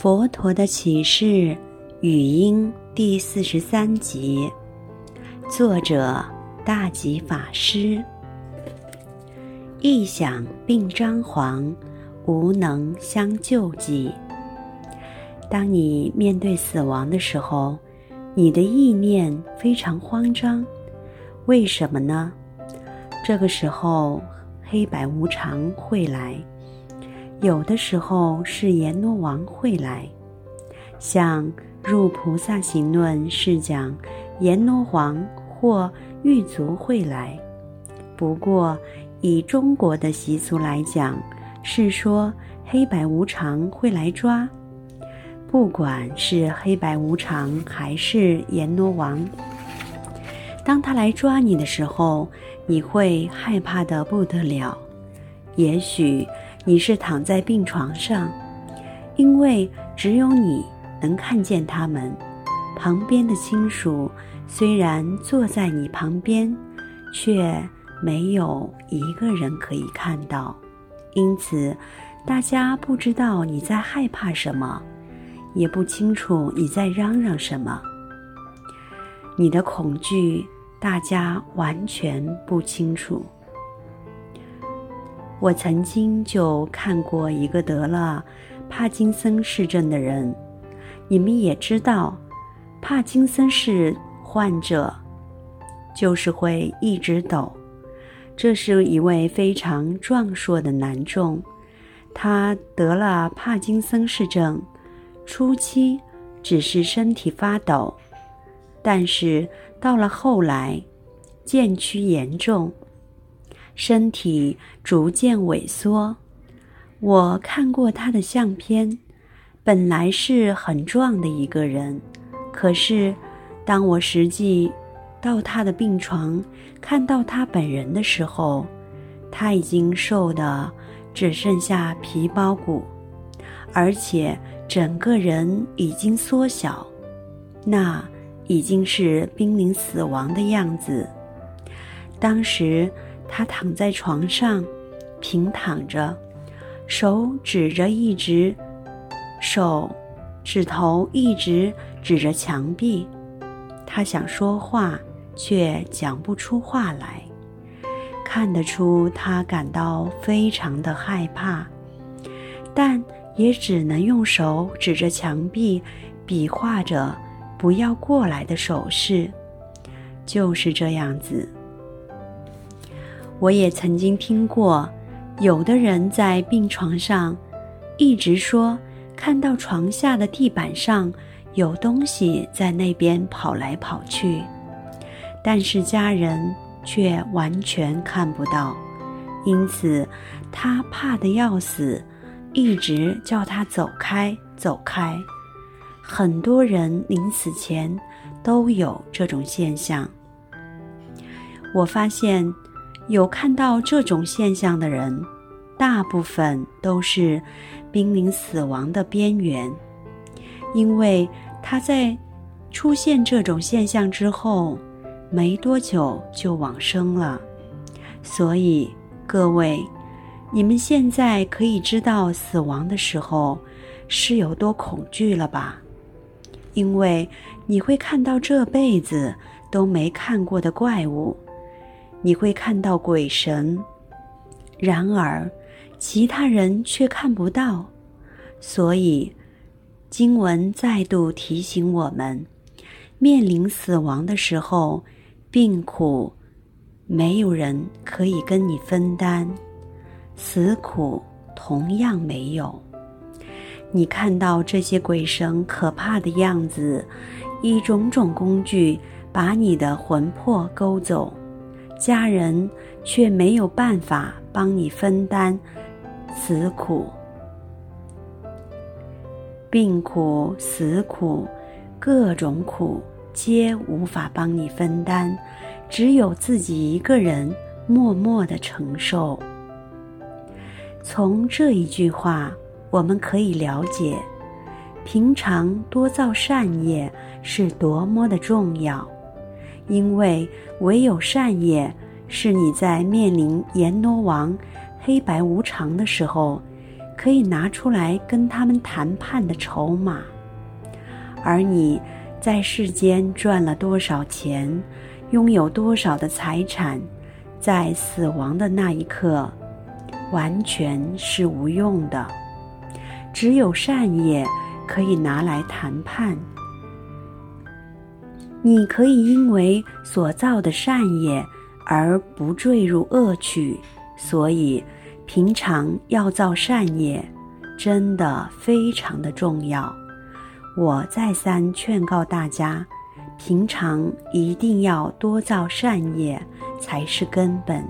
佛陀的啟示語音第四十三集，作者大寂法師。意想並張惶，無能相救濟。當你面對死亡的時候，你的意念非常慌張，為什麼呢？這個時候，黑白無常會來。有的時候是閻羅王會來，像《入菩薩行論》是講閻羅王或獄卒會來。不過以中國的習俗來講，是說黑白無常會來抓。不管是黑白無常還是閻羅王，當他來抓你的時候，你會害怕得不得了。也許，你是躺在病床上，因為只有你能看見他們。旁邊的親屬雖然坐在你旁邊，却沒有一個人可以看到。因此，大家不知道你在害怕什麼，也不清楚你在嚷嚷什麼。你的恐懼，大家完全不清楚。我曾經就看過一個得了帕金森氏症的人，你們也知道，帕金森氏患者就是會一直抖。這是一位非常壯碩的男眾，他得了帕金森氏症，初期只是身體發抖，但是到了後來，漸趨嚴重。身體逐漸萎縮。我看過他的相片，本來是很壯的一個人，可是，當我實際到他的病床，看到他本人的時候，他已經瘦得只剩下皮包骨，而且整個人已經縮小，那已經是瀕臨死亡的樣子。當時，他躺在床上，平躺着，手指着一直，手指頭一直指着牆壁。他想說話，卻講不出話來。看得出他感到非常的害怕，但也只能用手指着牆壁，比劃着“不要過來”的手勢。就是這樣子。我也曾經聽過，有的人在病床上一直說看到床下的地板上有東西在那邊跑來跑去，但是家人卻完全看不到，因此他怕得要死，一直叫他走開走開。很多人臨死前都有這種現象，我發現。有看到這種現象的人，大部分都是瀕臨死亡的邊緣，因為他在出現這種現象之後沒多久就往生了。所以各位，你們現在可以知道死亡的時候是有多恐懼了吧？因為你會看到這輩子都沒看過的怪物。你會看到鬼神，然而其他人卻看不到。所以，經文再度提醒我們：面臨死亡的時候，病苦沒有人可以跟你分擔，死苦同樣沒有。你看到這些鬼神可怕的樣子，以種種工具把你的魂魄勾走。家人卻沒有辦法幫你分擔，此苦、死苦、病苦、死苦，各種苦皆無法幫你分擔，只有自己一個人默默的承受。從這一句話，我們可以了解，平常多造善業是多麼的重要。因為唯有善業，是你在面臨閻羅王、黑白無常的時候，可以拿出來跟他們談判的籌碼。而你在世間賺了多少錢，擁有多少的財產，在死亡的那一刻，完全是無用的。只有善業可以拿來談判。你可以因為所造的善業而不墮入惡趣，所以平常要造善業，真的非常的重要。我再三勸告大家，平常一定要多造善業，才是根本。